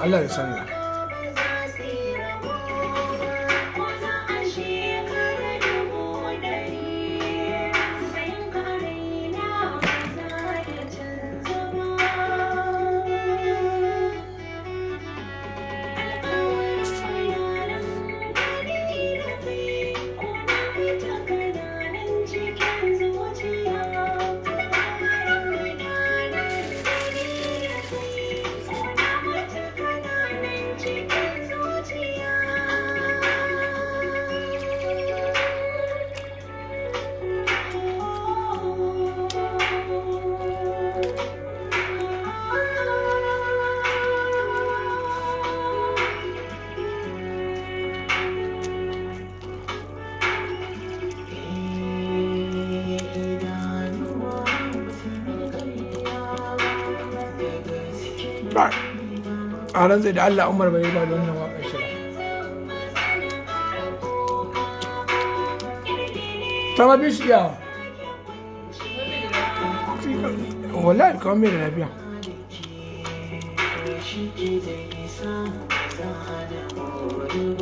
habla de sanidad. a zai da Allah Umar bai ba da wannan waƙar shi ta ma bishi wallahi kawai mai da lafiya Thank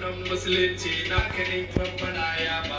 wannan musulunci na kanin kwan ya ba